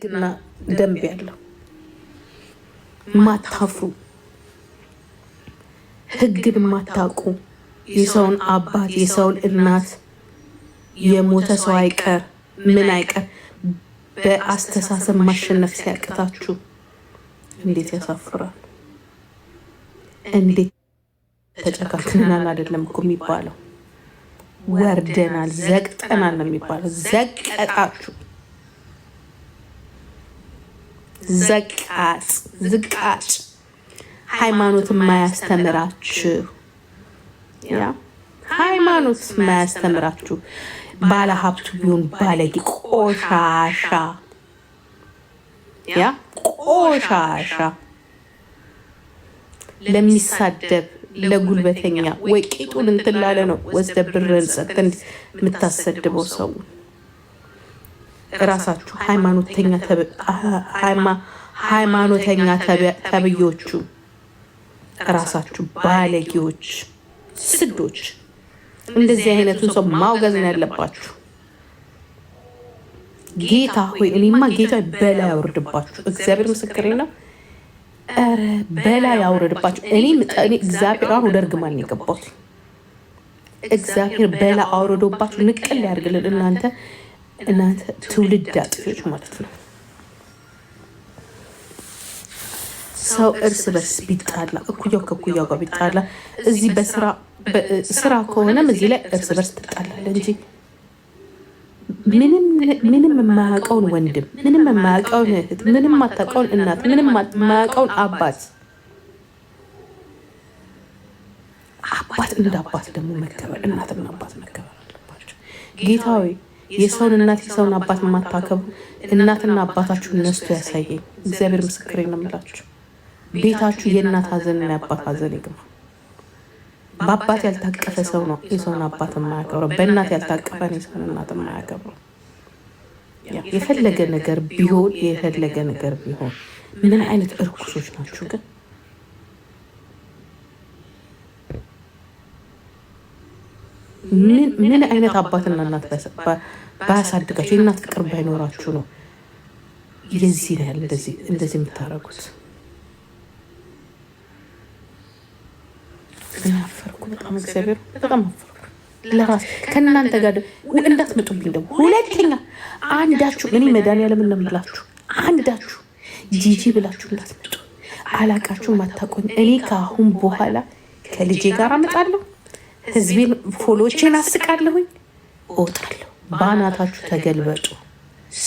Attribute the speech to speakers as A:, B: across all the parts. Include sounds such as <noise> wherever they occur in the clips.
A: ግና ደንብ ያለው ማታፍሩ ህግን ማታውቁ የሰውን አባት የሰውን እናት የሞተ ሰው አይቀር ምን አይቀር በአስተሳሰብ ማሸነፍ ሲያቅታችሁ እንዴት ያሳፍራል! እንዴት ተጨካክነናል አይደለም እኮ የሚባለው፣ ወርደናል፣ ዘቅጠናል ነው የሚባለው። ዘቀጣችሁ ዘቃጭ ዝቃጭ ሃይማኖት ማያስተምራችሁ ሃይማኖት ማያስተምራችሁ ባለ ሀብቱ ቢሆን ባለጌ ቆሻሻ ያ ቆሻሻ ለሚሳደብ ለጉልበተኛ ወይ ቂጡን እንትን ላለ ነው ወስደ ብርህን ጸጥ የምታሰድበው ሰው እራሳችሁ ሃይማኖተኛ ተብዮቹ እራሳችሁ ባለጌዎች፣ ስዶች እንደዚህ አይነቱን ሰው ማውገዝ ነው ያለባችሁ። ጌታ ሆይ እኔማ ጌታ በላይ ያውርድባችሁ። እግዚአብሔር ምስክሬ ነው። ኧረ በላይ ያውርድባችሁ። እኔ እግዚአብሔር አሁን ወደ እርግማን ነው እግዚአብሔር በላይ አውርዶባችሁ ንቅል ያድርግልን እናንተ እናንተ ትውልድ አጥፊዎች ማለት ነው። ሰው እርስ በርስ ቢጣላ እኩያው ከኩያው ጋር ቢጣላ እዚህ በስራ ከሆነም እዚህ ላይ እርስ በርስ ትጣላለ እንጂ ምንም የማያውቀውን ወንድም፣ ምንም የማያውቀውን እህት፣ ምንም ማታውቀውን እናት፣ ምንም የማያውቀውን አባት አባት እንደ አባት ደግሞ መከበር እናትና አባት መከበር አለባቸው። ጌታዊ የሰውን እናት የሰውን አባት የማታከብሩ እናትና አባታችሁን ነስቶ ያሳየኝ። እግዚአብሔር ምስክሬ ነው የምላችሁ። ቤታችሁ የእናት ሀዘንና የአባት ሀዘን ይግባ። በአባት ያልታቀፈ ሰው ነው የሰውን አባት የማያከብረው። በእናት ያልታቀፈ ነው የሰውን እናት የማያከብረው። የፈለገ ነገር ቢሆን የፈለገ ነገር ቢሆን ምን አይነት እርኩሶች ናችሁ ግን? ምን አይነት አባትና እናት ባያሳድጋችሁ የእናት ፍቅር ባይኖራችሁ ነው የዚህ ነው ያለ እንደዚህ የምታደርጉት። አፈርኩ በጣም እግዚአብሔር በጣም አፈርኩ። ለራስ ከእናንተ ጋር እንዳትመጡብኝ ደግሞ ሁለተኛ አንዳችሁ እኔ መድኃኒዓለም እናምላችሁ አንዳችሁ ጂጂ ብላችሁ እንዳትመጡ። አላቃችሁም፣ አታቆኝ። እኔ ከአሁን በኋላ ከልጄ ጋር አመጣለሁ። ህዝቤን ፎሎቼን አስቃለሁኝ፣ እወጣለሁ። በአናታችሁ ተገልበጡ።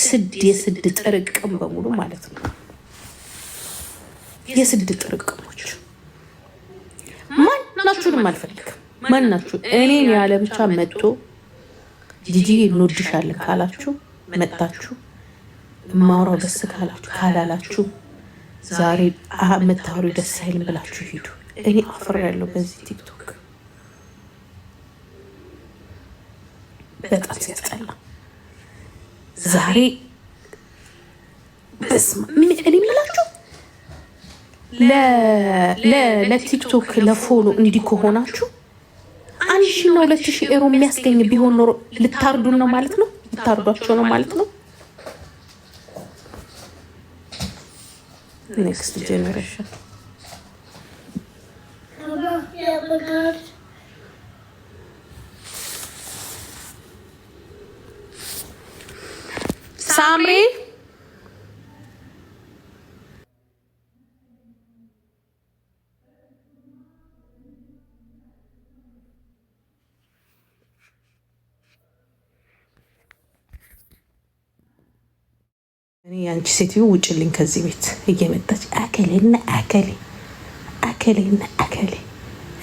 A: ስድ የስድ ጥርቅም በሙሉ ማለት ነው። የስድ ጥርቅሞች ማናችሁንም አልፈልግም። ማናችሁ እኔን ያለ ብቻ መጥቶ ጂጂ እንወድሻለን ካላችሁ መጣችሁ ማውራው ደስ ካላችሁ ካላላችሁ ዛሬ መታወሪ ደስ አይልም ብላችሁ ሂዱ። እኔ አፍሬያለሁ በዚህ ቲክቶክ በጣም ሲያስጠላ ዛሬ እኔ ምላችሁ ለቲክቶክ ለፎሎ እንዲህ ከሆናችሁ አንድ ሺ እና ሁለት ሺ ኤሮ የሚያስገኝ ቢሆን ኖሮ ልታርዱ ነው ማለት ነው፣ ልታርዷቸው ነው ማለት ነው። ኔክስት ጄኔሬሽን ሳምሪ እኔ አንቺ ሴትዮ ውጭልኝ ከዚህ ቤት እየመጣች አከሌና አከሌ አከሌና አከሌ።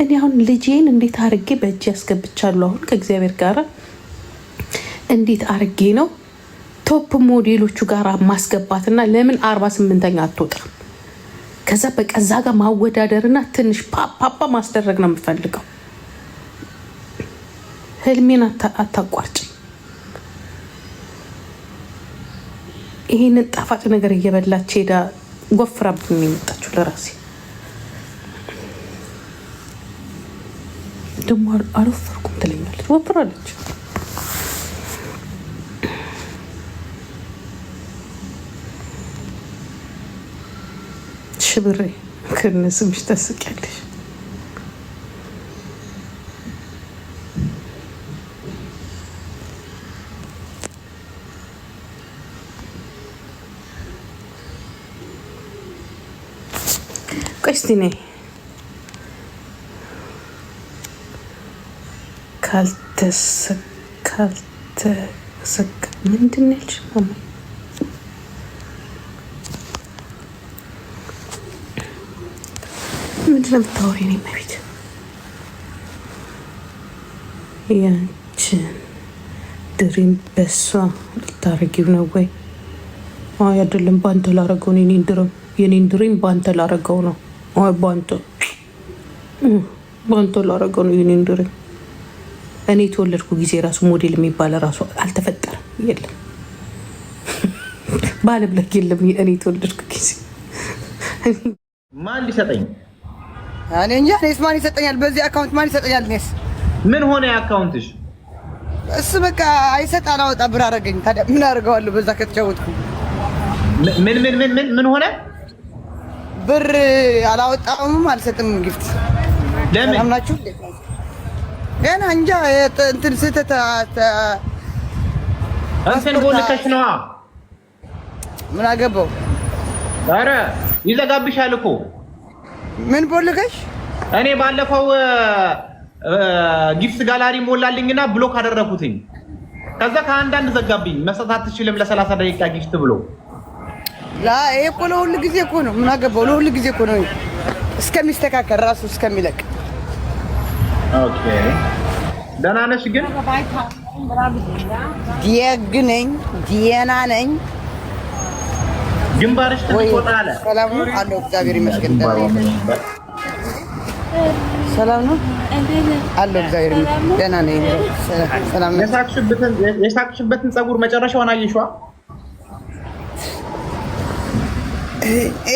A: እኔ አሁን ልጄን እንዴት አርጌ በእጅ ያስገብቻሉ አሁን ከእግዚአብሔር ጋር እንዴት አርጌ ነው ቶፕ ሞዴሎቹ ጋር ማስገባትና ለምን አርባ ስምንተኛ አትወጣም? ከዛ በቀዛ ጋር ማወዳደርና ትንሽ ፓፓፓ ማስደረግ ነው የምፈልገው። ህልሜን አታቋርጭ። ይህንን ጣፋጭ ነገር እየበላች ሄዳ ጎፍራብኝ የመጣችው ለራሴ ደግሞ አልወፈርኩም ትለኛለች። ወፍራለች። ሺ ብሬ ከነስምሽ ታስቂያለሽ። ቆይ እስቲ ነይ ካልተሰ ካልተሰካ ምንድን ነው ያልሽኝ? ምንድን ነው የምታወሪ? እኔ መቤት ያንቺን ድሪም በሷ ልታረጊው ነው ወይ? አይ አይደለም፣ በአንተ ላረገው ነው የኔን ድሪም የኔን ድሪም በአንተ ላረገው ነው። አይ በአንተ በአንተ ላረገው ነው የኔን ድሪም። እኔ የተወለድኩ ጊዜ ራሱ ሞዴል የሚባል ራሱ አልተፈጠረም። የለም ባለብለክ የለም። እኔ የተወለድኩ ጊዜ ማን ሊሰጠኝ እኔ እንጃ። እኔስ ማን ይሰጠኛል? በዚህ አካውንት ማን ይሰጠኛል? እኔስ
B: ምን ሆነ አካውንትሽ?
A: እሱ በቃ አይሰጥ አላወጣ ብር አደረገኝ። ታዲያ ምን አደርገዋለሁ? በዛ ከተጫወትኩ
B: ምን ምን ምን ምን ምን ሆነ?
A: ብር አላወጣውም፣ አልሰጥም። ጊፍት ለምን አምናችሁ ገና እንጃ እንትን ስህተት
B: እንትን ቦልከሽ ነዋ። ምን አገባው? ኧረ ይዘጋብሻል እኮ
A: ምን ቦልገሽ?
B: እኔ ባለፈው ጊፍት ጋላሪ ሞላልኝና ብሎክ አደረኩትኝ። ከዛ ከአንዳንድ ዘጋብኝ። መስጠት አትችልም ለ30 ደቂቃ ጊፍት ብሎ
A: ላ ይሄ እኮ ለሁሉ ጊዜ እኮ ነው። ምን አገባው? ለሁሉ ጊዜ እኮ ነው፣ እስከሚስተካከል ራሱ እስከሚለቅ።
B: ኦኬ ደህና ነሽ ግን?
A: ዲየግ ነኝ ዲየና ነኝ
B: ግንባርሽ ትንሽ ወጣ አለ።
A: ሰላም አለው። እግዚአብሔር ይመስገን። ሰላም ነው አለው። እግዚአብሔር ደህና ነኝ።
B: ሰላም ነው። የሳቅሽበትን ፀጉር መጨረሻውን አየሽዋ?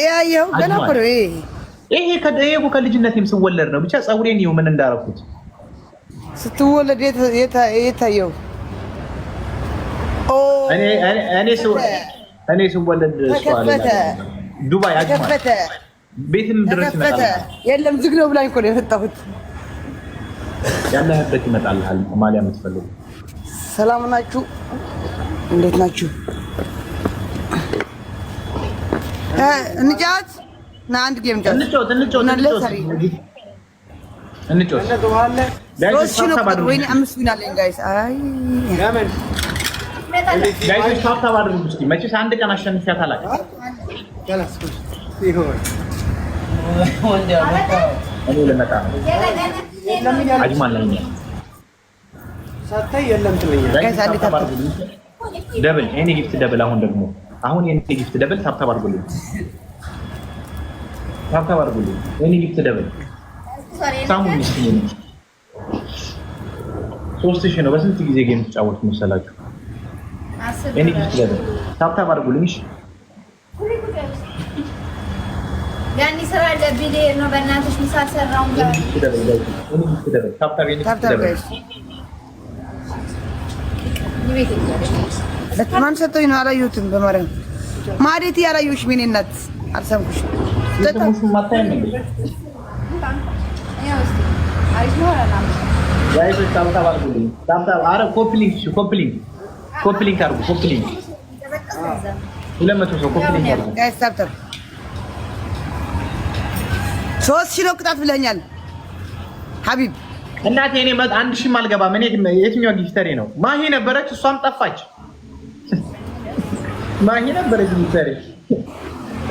A: ያየው ገና እኮ ነው ይሄ
B: ይሄ ከደየቁ ከልጅነቴም ስወለድ ነው። ብቻ ፀጉሬን ይኸው ምን እንዳደረኩት
A: ስትወለድ የታየው
B: እኔ እኔ ስወለድ ዱባይ ተከፈተ፣ ቤትም ድረስ ይመጣል።
A: የለም ዝግ ነው ብላኝ እኮ ነው የመጣሁት።
B: ያለህበት ይመጣልሃል። ማሊያ የምትፈልጉ
A: ሰላም ናችሁ? እንዴት ናችሁ? እንጫወት ና፣ አንድ ጌም እንጫወት። እንጫወት።
B: መቼስ አንድ ቀን አሸንፊያት አላውቅም። እኔ ደብል የእኔ ጊፍት ደብል። አሁን ደግሞ አሁን የእኔ ጊፍት ደብል። ታብታብ አድርጉልኝ፣ ታብታብ አድርጉልኝ። የእኔ ጊፍት ደብል ሳሙን ሶስት ሺህ ነው። በስንት ጊዜ ጌም ትጫወት መሰላችሁ? እኔ ታብታብ አድርጉልኝ።
A: ያኔ ስራ ሰጠኝ ነው? አላየሁትም። በማርያም ማዴት ያላየሁሽም የእኔ እናት አልሰምኩሽም።
B: ኮፕሊንግ ኮፕሊንግ ኮፒ ሊንክ አድርጉ። ኮፒ ሊንክ ሁለት መቶ ሰው ኮፒ ሊንክ አድርጉ።
A: ሶስት ሺህ ነው ቅጣት ብለኛል ሀቢብ
B: እናቴ። እኔ አንድ አልገባም። እኔ የትኛው ጊፍተሬ ነው? ማሂ ነበረች፣ እሷም ጠፋች። ማሂ ነበረች እሷም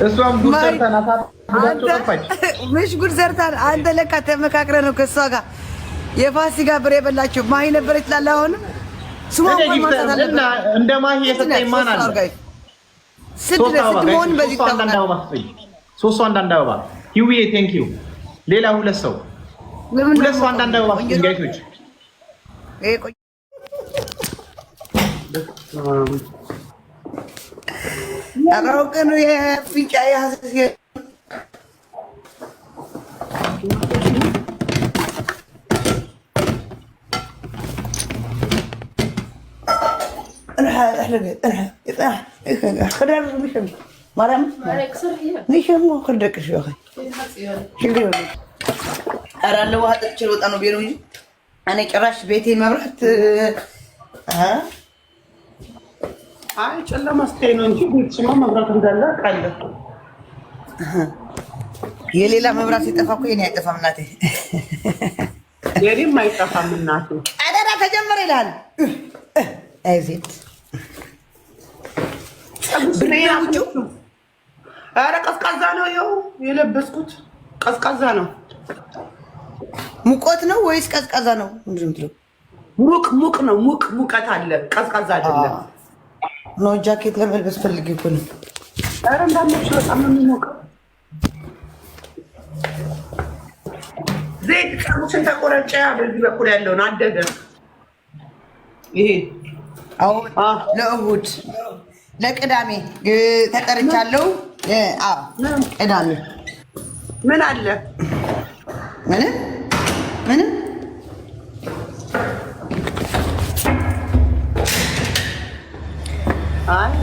B: ጠፋች። <laughs>
A: ምሽ ጉድ አንተ ለካ ተመካክረ ነው ከእሷ ጋር የፋሲካ ብር የበላችሁ ማሂ ነበረች ላለ አሁንም
B: እንደ ማሂ የሰጠኝ ማን አለ? ሶስቱ አንዳንድ አበባ ሂውዬ ቴንክ ዩ። ሌላ ሁለት ሰው ሁለት ሰው አንዳንድ አበባ ጋይቶች
A: ቀረው ቀኑ የፊንጫ ውሃ እኔ ጭራሽ ቤቴ መብራት አይ ጨለማ ስትሄድ ነው እንጂ ቤትሽማ መብራት እንዳለ አውቃለሁ። የሌላ መብራት ሲጠፋ እኮ የኔ አይጠፋም እናቴ፣ የኔም አይጠፋም እናቴ። ቀደራ ተጀመረ ይላል አይዜት ኧረ ቀዝቃዛ ነው። ይኸው የለበስኩት ቀዝቃዛ ነው። ሙቀት ነው ወይስ ቀዝቃዛ ነው? ሙቅ ሙቅ ነው። ሙቅ ሙቀት አለ፣ ቀዝቃዛ አይደለም። ኖ ጃኬት ለመልበስ ፈልግ ይኩን ኧረ እንዳለች በጣም ነው የሚሞቀው። ዜድ ጸጉርሽን ተቆረጨ። በዚህ በኩል ያለውን አደገ። ይሄ አሁን ለእሁድ ለቅዳሜ ተጠርቻለሁ። አዎ ቅዳሜ ምን አለ? ምንም ምንም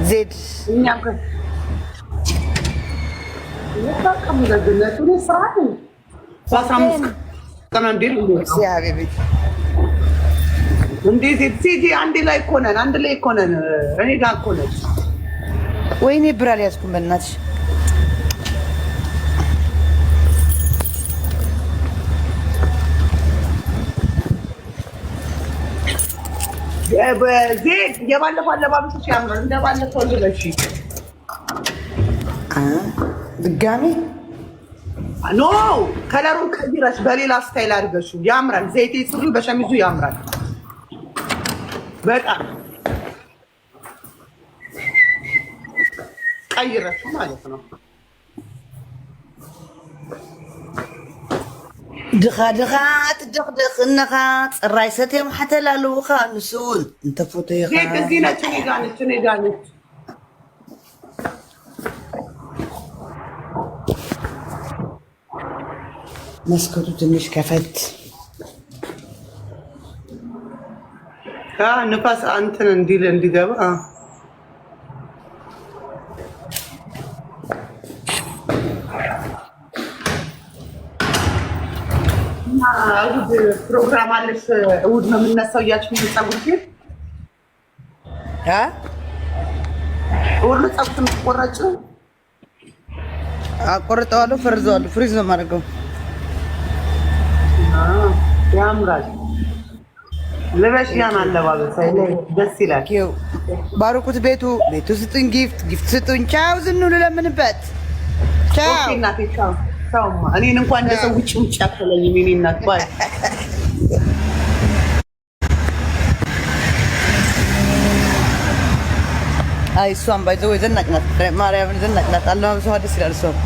A: ዜድ አንድ ላይ እኮ ነን፣ አንድ ላይ እኮ ነን። እኔ ጋር እኮ ነች ወይኔ ብር አልያዝኩም። በእናትሽ የባለፈው አለባበስሽ ያምራል። እንደባለፈው ልበሽ ድጋሜ ኖ ከለሩን ቀይረሽ በሌላ ስታይል አድርገሽው ያምራል። ዘይቴ ስሪ በሸሚዙ ያምራል በጣም ቀይረሽው ማለት ነው። ድኻ ድኻ ትድኽድኽ እነኻ ፅራይ ሰትዮም ሓተል ኣለዉኻ ንሱ እውን እንተፈተይኻ መስኮቱ ትንሽ ከፈት ንፋስ እንትን እንዲል እንዲገባ እሑድ ፕሮግራም አለሽ፣ እሑድ ነው የምነሳው እያልሽ ፀጉር ቤት እሑድ ነው ፀጉር የምትቆረጭው? አቆርጠዋለሁ፣ ፈርዘዋለሁ፣ ፍሪዝ ነው የማደርገው። ያምራል። ልበሽ ያን አለባበስ ደስ ይላል። ባርኩት። ቤቱ ቤቱ ስጡኝ፣ ጊፍት ጊፍት ስጡኝ። ቻው ዝኑ ልለምንበት። ቻው እናቴ ቻው ተውማ እኔን እንኳን እንደ ሰው ውጭ ውጭ አትለኝም። የእኔ እናት ባይ አይ እሷም ባይ ወይ ዘናጭ ናት፣ ማርያምን ዘናጭ ናት። አለባበሷ ደስ ይላል። እሷም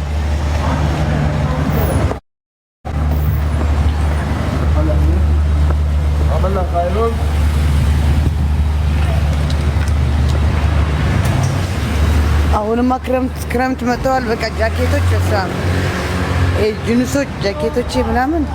A: አሁንማ ክረምት ክረምት መጥተዋል። በቃ ጃኬቶች እሷ ጅንሶች ጃኬቶች ምናምን